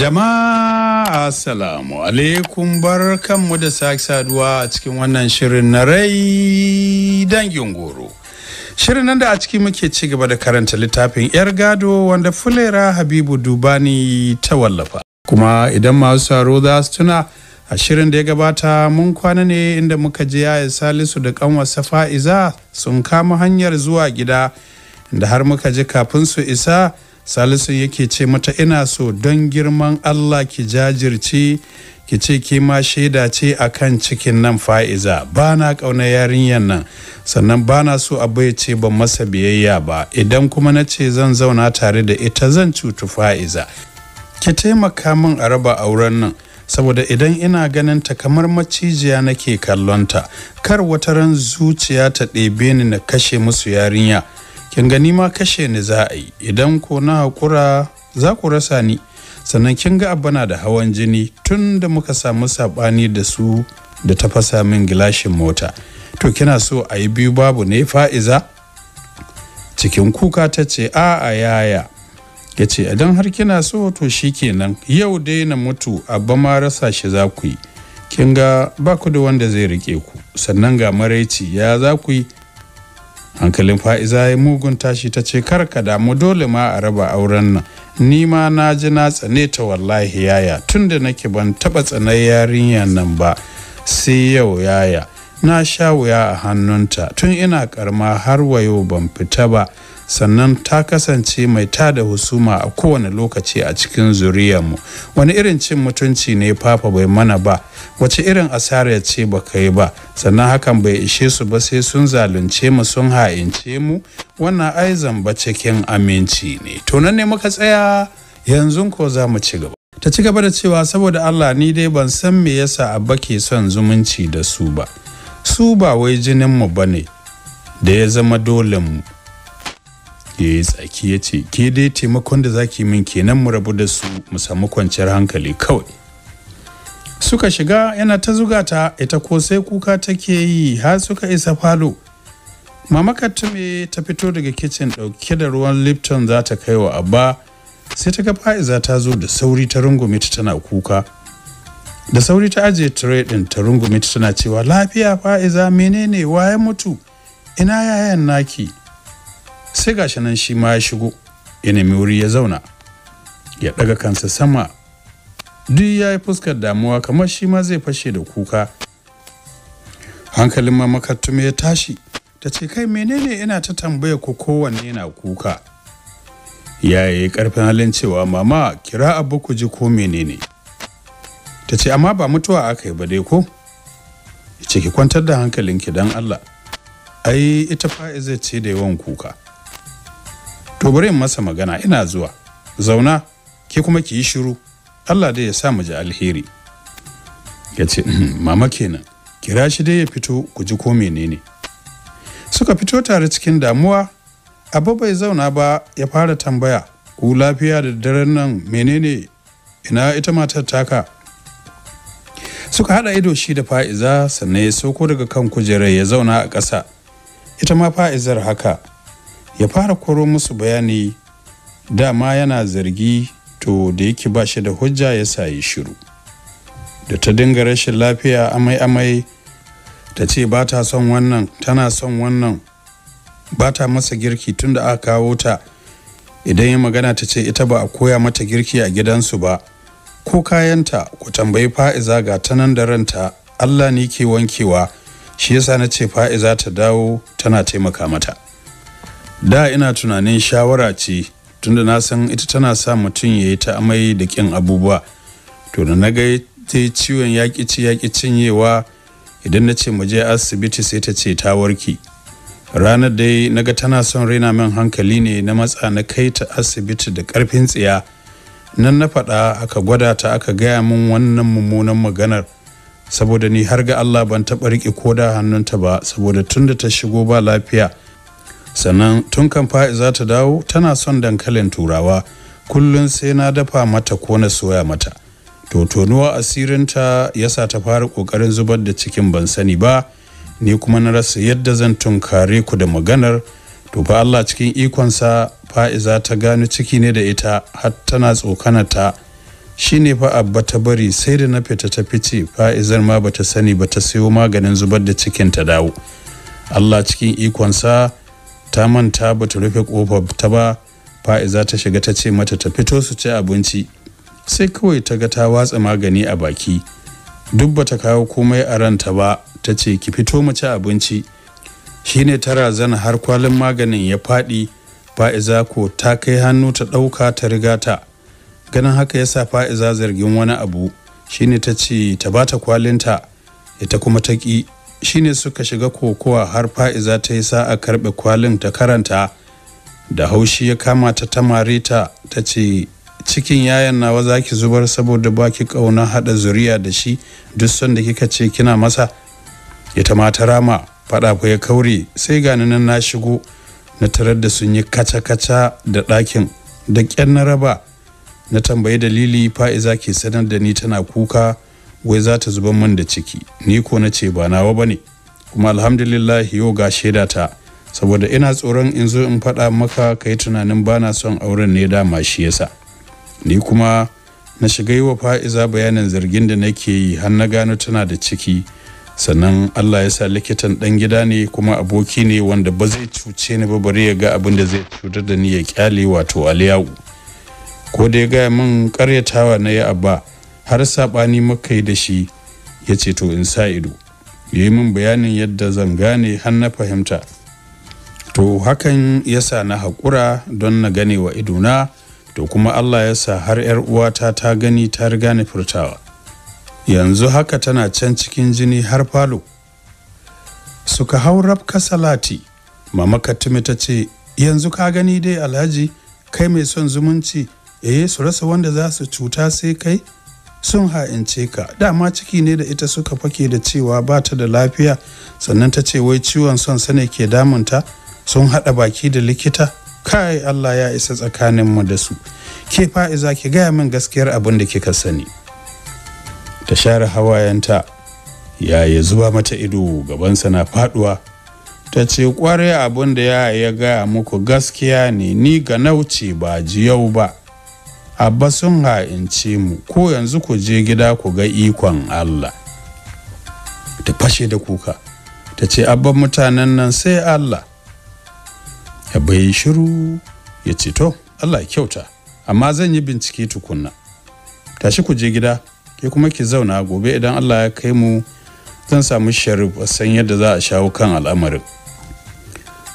Jama'a Assalamu alaikum bar kanmu da sake saduwa a cikin wannan shirin na rai dangin goro. Shirin nan da a ciki muke ci gaba da karanta littafin 'yar gado wanda fulera Habibu Dubani ta wallafa. Kuma idan masu saro za su tuna a shirin da ya gabata mun kwana ne inda muka je ya salisu da kanwarsa fa'iza sun kama hanyar zuwa gida inda har muka ji kafin su isa. salisu yake ce mata ina so don girman allah ki jajirce ki ce ki ma shaida ce kan cikin nan fa'iza ba na ƙauna yarinyar nan sannan ba na so abu ya ce ban masa biyayya ba idan kuma na ce zan zauna tare da ita zan cutu fa'iza ki taimaka min a raba auren nan saboda idan ina ganin ta kamar macijiya nake kallonta kar wata ran zuciya ta ɗebe ni na kashe musu yarinya kin gani ma kashe ni za a yi idan ko na hakura za ku rasa ni sannan kin ga abana da hawan jini tun da muka samu saɓani da su da ta fasa min gilashin mota to kina so a yi biyu babu ne fa'iza cikin kuka ta ce a yaya ya ce idan har kina so to shi kenan yau dai na mutu abba ma rasa shi za ku yi kin ga ba ku da wanda zai rike ku sannan ga maraici ya za ku yi hankalin fa'iza ya mugun tashi ta ce kar ka damu dole ma a raba auren nan ni ma na ji na tsane ta wallahi yaya tun da nake ban taba tsanar yarinyar nan ba sai yau yaya na sha wuya a hannunta tun ina karma har wayo ban fita ba sannan ta kasance mai tada husuma a kowane lokaci a cikin zuriyarmu wani irin cin mutunci ne papa bai mana ba wace irin asara ce ba yi ba sannan hakan bai ishe su ba sai sun zalunce mu sun ha'ince mu wannan ai zamba cikin aminci ne to nan ne muka tsaya yanzu ko za mu ci gaba ta ci gaba da cewa saboda Allah ni dai ban san me yasa abba ke son zumunci da su ba su ba wai jinin mu bane da ya zama dole mu ya yi tsaki ya ce ke dai taimakon da zaki min kenan mu rabu da su mu samu kwanciyar hankali kawai suka shiga yana ta zuga ta ita ko sai kuka take yi har suka isa falo mama katume ta fito daga kicin ɗauke da ruwan lipton za ta kai wa abba sai ta ga fa'iza ta zo da sauri ta rungume ta tana kuka da sauri ta ajiye tire ɗin ta rungume ta tana cewa lafiya fa'iza menene waye mutu ina yayan naki sai gashi nan shi ma ya shigo ya nemi wuri ya zauna ya ɗaga kansa sama duk ya yi fuskar damuwa kamar shi ma zai fashe da kuka hankalin ma mamakattume ya tashi ta ce kai menene ina ta tambaya ku kowanne na kuka ya yi karfin halin cewa mama kira abu ku ji ko menene ta ce amma ba mutuwa aka yi ba dai ko ce ki kwantar da hankalinki don allah ai ita fa'iza ce da yawan kuka to bari in masa magana ina zuwa zauna ke kuma ki yi shiru Allah dai ya sa mu ji alheri ya ce hmm, mama kenan kira shi dai ya fito ku ji ko menene suka fito tare cikin damuwa abu bai zauna ba ya fara tambaya ku lafiya da daren nan menene ina ita matar taka suka hada ido shi da fa'iza sannan ya sauko daga kan kujerar ya zauna a ƙasa ita ma fa'izar haka ya fara koro musu bayani dama yana zargi to da yake ba shi da hujja ya sayi shiru da ta dinga rashin lafiya amai amai ta ce ba ta son wannan tana son wannan ba ta masa girki tun da aka kawo ta idan ya magana ta ce ita ba a koya mata girki a gidansu ba ko kayanta ku tambayi fa'iza ga ta nan da ranta allah ne ke wankewa shi yasa na ce fa'iza ta dawo tana taimaka mata da ina tunanin shawara ce tunda na san ita tana sa mutum ya yi ta amai da kin abubuwa to da na ga ta ciwon yaƙi ci yaƙi cinyewa idan na ce muje asibiti sai ta ce ta warke ranar dai na ga tana son raina min hankali ne na matsa na kai ta asibiti da ƙarfin tsiya nan na faɗa aka gwada ta aka gaya min wannan mummunan maganar saboda ni har ga Allah ban taɓa riƙe ko da hannunta ba saboda tunda ta shigo ba lafiya sannan tun kan fa'iza ta dawo tana son dankalin turawa kullum sai na dafa mata ko na soya mata to tonuwa asirinta sa ta fara kokarin zubar da cikin ban sani ba ni kuma na rasa yadda zan tunkare ku da maganar to fa Allah cikin ikonsa fa'iza ta gano ciki ne da ita har tana tsokana ta shine fa abba ta bari sai da na fita ta fice fa'izar ma bata sani ba ta sayo maganin zubar da cikin ta dawo Allah cikin ikonsa ta manta ba ta rufe kofar ta ba fa'iza ta shiga ta ce mata ta fito su ci abinci sai kawai ta ga ta watsa magani a baki duk bata kawo komai a ranta ba ta ce ki fito mu ci abinci shine ta razana har kwalin maganin ya faɗi fa'iza ko ta kai hannu ta ɗauka ta riga ta ganin haka ya sa fa'iza zargin wani abu shine ta ce ta bata kwalinta ita kuma ta ƙi shine suka shiga kokowa har fa'iza ta yi sa'a karɓe kwalin ta karanta da haushi ya kama ta tamare ta ta ce cikin yayan nawa za ki zubar saboda ba ki ƙauna haɗa zuriya da shi duk son da kika ce kina masa ita ma ta rama faɗa ya kauri sai gani nan na shigo na tarar da sun yi kaca-kaca da ɗakin da ƙyan na raba na tambayi dalili fa'iza ke sanar da ni tana kuka wai za ta zuba man da ciki ni ko na ce ba nawa bane kuma alhamdulillah yau ga shaida ta saboda ina tsoron in zo in faɗa maka ka yi tunanin bana son auren ne dama shi yasa ni kuma na shiga yi wa fa'iza bayanin zargin da nake yi har na gano tana da ciki sannan allah ya sa likitan ɗan gida ne kuma aboki ne wanda ba zai cuce ni ba bari ya ga abin da zai cutar da ni ya kyale wato aliyawu ko da ya gaya min karyatawa na ya abba har saɓani muka yi da shi ya ce to in sa ido ya yi min bayanin yadda zan gane har na fahimta to hakan ya sa na haƙura don na gane wa idona to kuma allah ya sa har 'yar uwata ta gani ta riga ni furtawa yanzu haka tana can cikin jini har falo suka hau rafka salati mama katumi ta ce yanzu ka gani dai alhaji kai mai son zumunci eh su rasa wanda za su cuta sai kai sun ha'ince ka dama ciki ne da ita suka fake da cewa ba ta da lafiya sannan ta ce wai ciwon son sane ke damunta sun haɗa baki da likita kai Allah ya isa tsakaninmu da su ke fa'iza ki gaya min gaskiyar abin da kika sani ta share hawayenta yi zuba mata ido gabansa na faduwa ta ce kwarai abin da ya gaya muku gaskiya ne ni ga nauci ba jiyau ba abba sun ha'ince mu ko yanzu ku je gida ku ga ikon Allah ta fashe da kuka ta ce abban mutanen nan sai Allah Ya bai shiru ya ce to Allah kyauta amma zan yi bincike tukunna tashi ku je gida ke kuma ki zauna gobe idan Allah ya kai mu zan samu sharif a san yadda za a shawo kan al'amarin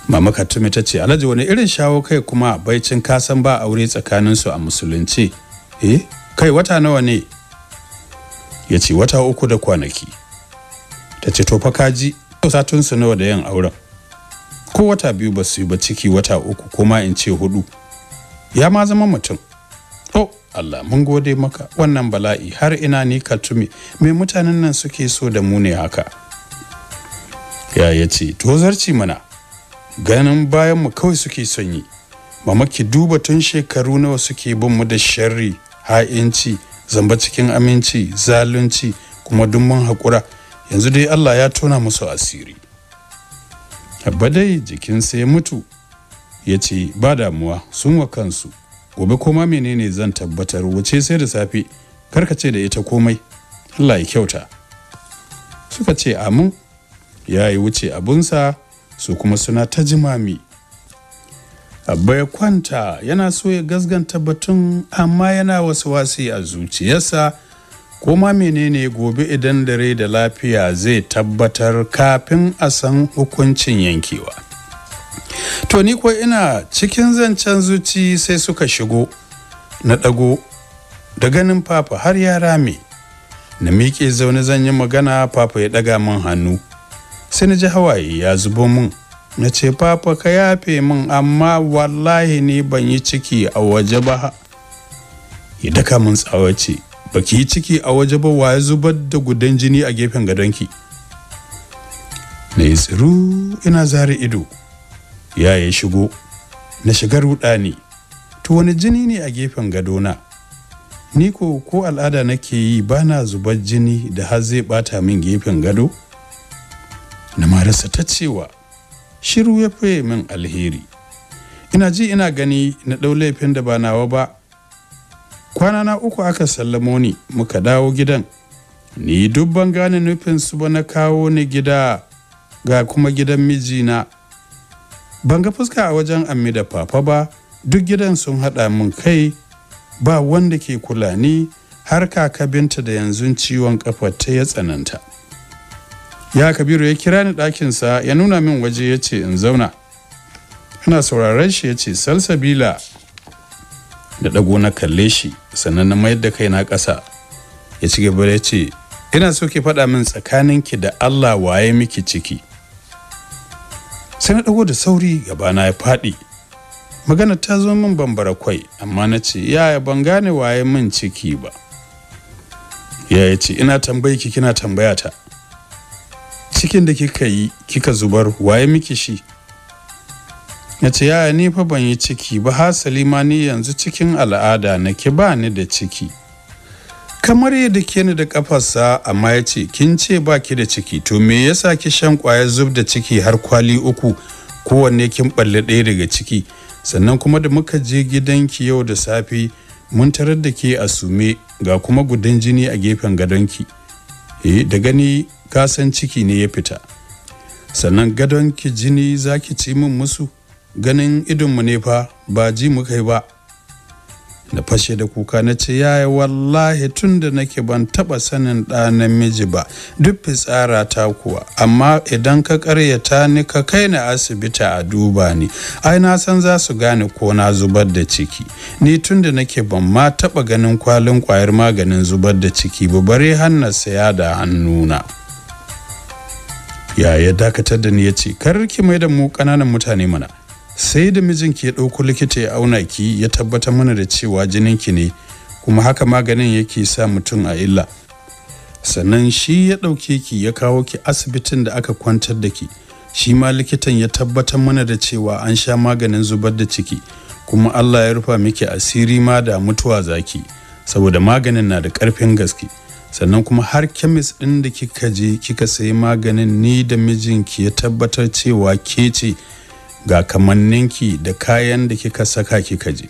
mama katumi ta ce alhaji wani irin shawo kai kuma baicin kasan ba aure tsakanin su a musulunci eh kai wata nawa ne ya ce wata uku da kwanaki ta ce to fa kaji satunsu nawa da yin auren ko wata biyu ba su yi ba ciki wata uku kuma in ce hudu ya ma zama mutum oh Allah mun gode maka wannan bala'i har ina ni Katumi, me mutanen nan suke so da mu ne haka ya ya ce to zarci mana ganin bayan mu kawai suke son yi maki duba tun shekaru nawa suke bin mu da sharri ha'inci zamba cikin aminci zalunci kuma dumman hakura haƙura yanzu dai Allah ya tona musu asiri abba dai jikinsa ya mutu ya ce ba damuwa sun wa kansu gobe koma menene zan tabbatar wace sai da safe ce da ita komai Allah ya kyauta suka ce amin ya yi wuce abunsa su kuma suna ta jimami abba ya kwanta yana so ya gasganta batun amma yana wasu wasi a zuciyarsa ko ma menene gobe idan dare da lafiya zai tabbatar kafin a san hukuncin yankewa to ni ko ina cikin zancen zuci sai suka shigo na ɗago da ganin fafa har ya rame na miƙe zaune zan yi magana fafa ya ɗaga min hannu sai na ji hawaye ya zubo min na ce papa ka yafe min amma wallahi ne ban yi ciki a waje ba ya daka min tsawace ba ki yi ciki a waje ba wa ya zubar da gudan jini a gefen gadonki na yi tsiru ina zare ido ya ya shigo na shiga ruɗa ne. to wani jini ne a gefen gadona ni ko ko al'ada nake yi bana zubar jini da har zai bata min gefen gado na marasa ta cewa shiru ya faye min alheri ina ji ina gani na ɗau laifin da ba nawa ba kwana na uku aka sallamo ni muka dawo gidan ni dubban gane nufin su ba na kawo ni gida ga kuma gidan mijina ban ga fuska a wajen ammi da fafa ba duk gidan sun haɗa min kai ba wanda ke kula ni har kaka binta da yanzu ciwon kafa ta ya tsananta ya kabiru ya kira ni ɗakinsa ya nuna min waje ya ce in zauna ina sauraron shi ya ce salsabila da ɗago na kalle shi sannan na mayar da kai na ƙasa ya ci gaba ya ce ina so ki faɗa min tsakanin ki da allah waye miki ciki sai na ɗago da sauri gabana ya faɗi magana ta zo min bambara kwai amma na ce yaya ban gane waye min ciki ba ya ce ina tambayi ki kina tambaya ta cikin da kika yi kika zubar waye miki shi na ce yaya ni fa ban yi ciki ba hasali ma ni yanzu cikin al'ada na ba ni da ciki kamar yadda ke ni da kafarsa amma ya ce kin ce ba ki da ciki to me yasa ki shan kwayar zub da ciki har kwali uku kowanne kin balle ɗaya daga ciki sannan kuma da muka je gidanki yau da safe mun tarar da ke a sume ga kuma gudan jini a gefen gadonki ki eh da gani kasan ciki ne ya fita sannan gadon ki jini zaki ci min musu ganin idonmu ne fa ba ji mu kai ba na fashe da kuka na ce ya yi wallahi tun da nake ban taba sanin ɗa namiji ba duk fitsara ta kuwa amma idan ka karyata ni ka kai ni asibiti a duba ni ai na san za su gane ko na zubar da ciki ni tun da nake ban ma taba ganin kwalin kwayar maganin zubar da ciki ba bare hannar saya da hannuna yaya dakatar da ni ya ce kar ki mai da mu ƙananan mutane mana sai da mijinki ya ɗauko likita ya auna ki ya tabbata mana da cewa jinin ki ne kuma haka maganin yake sa mutum a illa sannan shi ya ɗauke ki ya kawo ki asibitin da aka kwantar da ki shi ma likitan ya tabbatar mana da cewa an sha maganin zubar da ciki kuma allah ya rufa miki asiri ma da mutuwa zaki saboda maganin na da ƙarfin gaske sannan kuma har kemis ɗin da kika je kika sayi maganin ni da mijinki ya tabbatar cewa ke ce ga kamanninki da kayan da kika saka kika je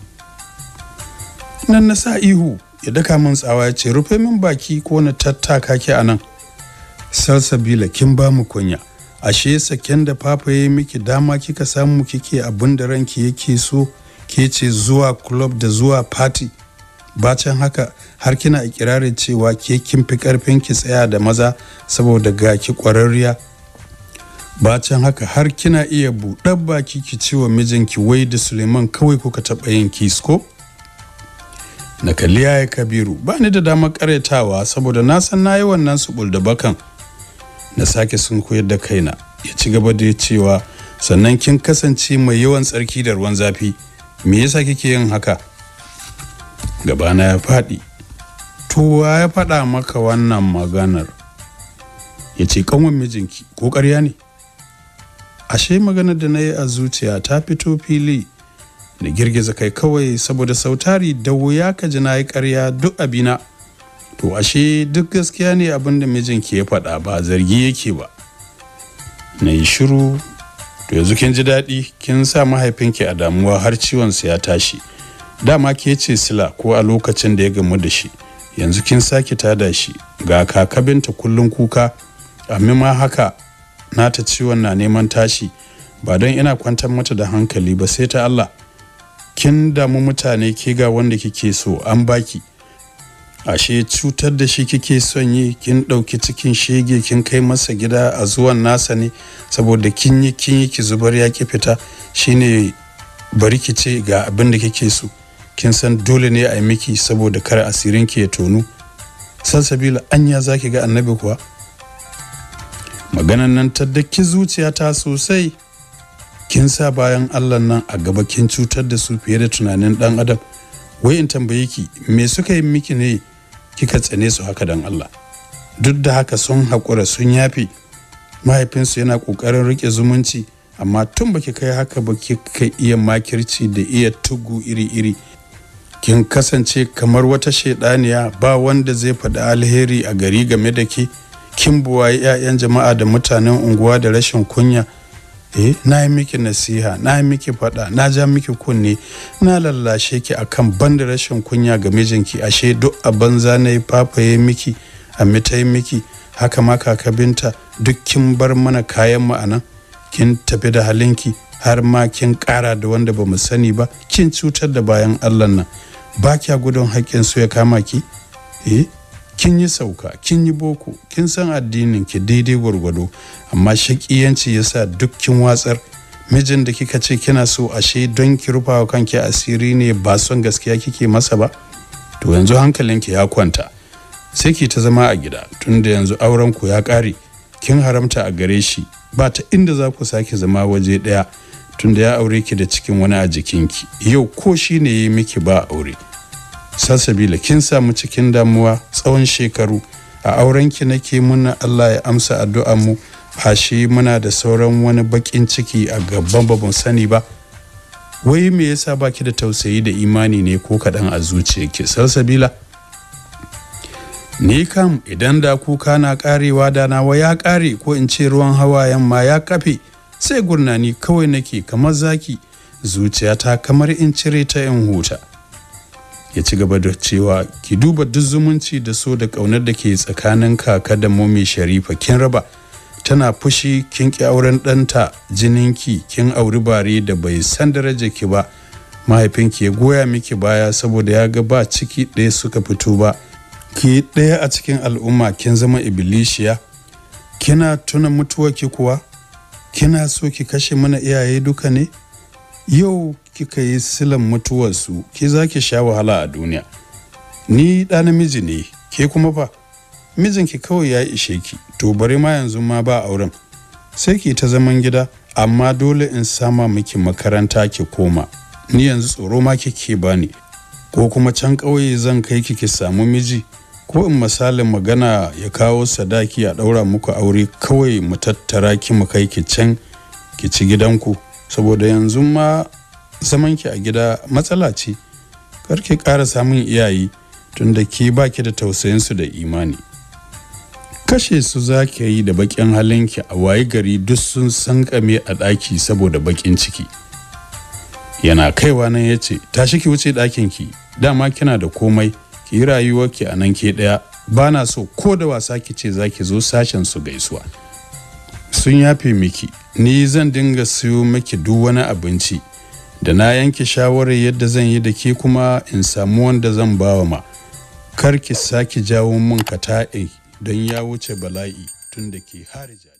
nan na sa ihu ya daka min tsawa ya ce rufe min baki ko na tattaka ki a nan salsabila kin ba mu kunya ashe saken da papa ya miki dama kika samu kike abin da ranki yake so ke ce zuwa club da zuwa party bacin haka har kina ikirarin cewa ke kin fi karfin ki tsaya da maza saboda ga ki kwararriya bacin haka har kina iya buɗe baki ki ce wa mijinki wai da suleiman kawai kuka taɓa yin kisko na kalli yaya kabiru ba ni da damar karyatawa saboda na san na yi wannan subul da bakan na sake sun koyar da kaina ya ci gaba da cewa sannan kin kasance mai yawan tsarki da ruwan zafi me yasa kike yin haka gabana ya faɗi towa ya faɗa maka wannan maganar ya ce kanwan mijinki ko ƙarya ne ashe maganar da na yi a zuciya ta fito fili na girgiza kai kawai saboda sautari da wuya ka ji na yi karya duk abina to ashe duk gaskiya ne abin da mijin ke faɗa ba zargi yake ba na yi shiru to yanzu kin ji daɗi kin sa mahaifinki a damuwa har ciwonsa ya tashi dama ke ce sila ko a lokacin da ya gamu da shi yanzu kin sake tada shi ga kakabinta kullum kuka amma haka nata ciwon na neman tashi ba don ina kwantar mata da hankali ba sai ta Allah kin damu mutane ke ga wanda kike so an baki ashe cutar da shi kike son yi kin ɗauki cikin shege kin kai masa gida a zuwan nasa ne saboda kin yi kin yi ki zubar ya ki fita shine bari ki ce ga abin da kike so kin san dole ne a yi miki saboda kar asirin ki ya tonu sansabila sabila anya zaki ga annabi kuwa maganan nan ta daki zuciyata sosai kin sa bayan allah nan a gaba kin cutar da su fiye da tunanin dan adam wai in tambaye ki me suka yi miki ne kika tsane su haka dan allah duk da haka sun haƙura sun yafi mahaifinsu yana ƙoƙarin riƙe zumunci amma tun baki kai haka ba kika iya makirci da iya tugu iri-iri kin kasance kamar wata shaidaniya ba wanda zai faɗi alheri a gari game da ke Kin kimbuwaye 'ya'yan jama'a da mutanen unguwa da rashin kunya eh na yi miki nasiha na yi miki faɗa na ja miki kunne na lallashe ki akan ban da rashin kunya ga mijinki ashe duk a banza na yi fafaye miki a mitai miki haka ma kaka Binta duk kin bar mana kayan mu anan kin tafi da halinki har ma kin ƙara da wanda ba mu sani ba kin cutar da bayan allah nan ba kya gudun haƙƙin su ya kama ki eh kin yi sauka kin yi boko kin san addinin ki daidai gwargwado amma shakiyanci yasa duk kin watsar mijin da kika ce kina so ashe don ki rufa wa kanki asiri ne ba son gaskiya kike masa ba to yanzu hankalinki ya kwanta sai ki ta zama a gida tunda yanzu auren ku ya ƙare kin haramta a gare shi ba ta inda za ku sake zama waje ɗaya tunda ya aure ki da cikin wani a jikinki yau ko shi ne ya miki ba aure salsabila kin samu cikin damuwa tsawon shekaru a aurenki nake muna allah ya amsa addu'ar mu fashe muna da sauran wani bakin ciki a gaban ba sani ba wai me yasa baki da tausayi da imani ne ko kaɗan a zuciyarki salsabila ni kam idan da kuka na karewa da nawa ya kare ko in ce ruwan hawa yamma ya kafe sai gurnani kawai nake kamar zaki zuciyata kamar in cire ta in huta ya ci gaba da cewa ki duba duk zumunci da so da ƙaunar da ke tsakanin kaka da momi sharifa kin raba tana fushi kin ki auren ɗanta ki kin auri bare da bai san daraja ki ba mahaifinki ya goya miki baya saboda ya ga ba ciki ɗaya suka fito ba ki ɗaya a cikin al'umma kin zama ibilishiya kina tuna mutuwa ki kuwa kina so ki kashe mana iyaye duka ne yau kika yi silan mutuwarsu ke zaki sha wahala a duniya ni ɗa namiji ne ke kuma fa mijinki kawai ya ishe ki to bari ma yanzu ma ba auren sai ki ta zaman gida amma dole in sama miki makaranta ki koma ni yanzu tsoro ma kike bani ko kuma can ƙauye zan kai ki ki samu miji ko in misalin magana ya kawo sadaki a ɗaura muku aure kawai mu tattara ki mu kai ki can ki ci gidanku saboda yanzu ma zamanki a gida matsala ce kar ki ƙara samun iyaye tunda ke baki da tausayin su da imani kashe su za ki yi da bakin halinki a waye gari duk sun sankame a ɗaki saboda bakin ciki yana kaiwa nan ya ce tashi ki wuce ki dama kina da komai ki yi rayuwarki a nan ke ɗaya ba na so ko da wasa ki ce zaki zo sashen su gaisuwa sun yafe miki ni zan dinga siyo miki duk wani abinci da na yanke shawarar yadda zan yi da ke kuma in samu wanda zan bawa ma kar ki sake jawo mun kata'i don ya wuce bala'i tun da ke harija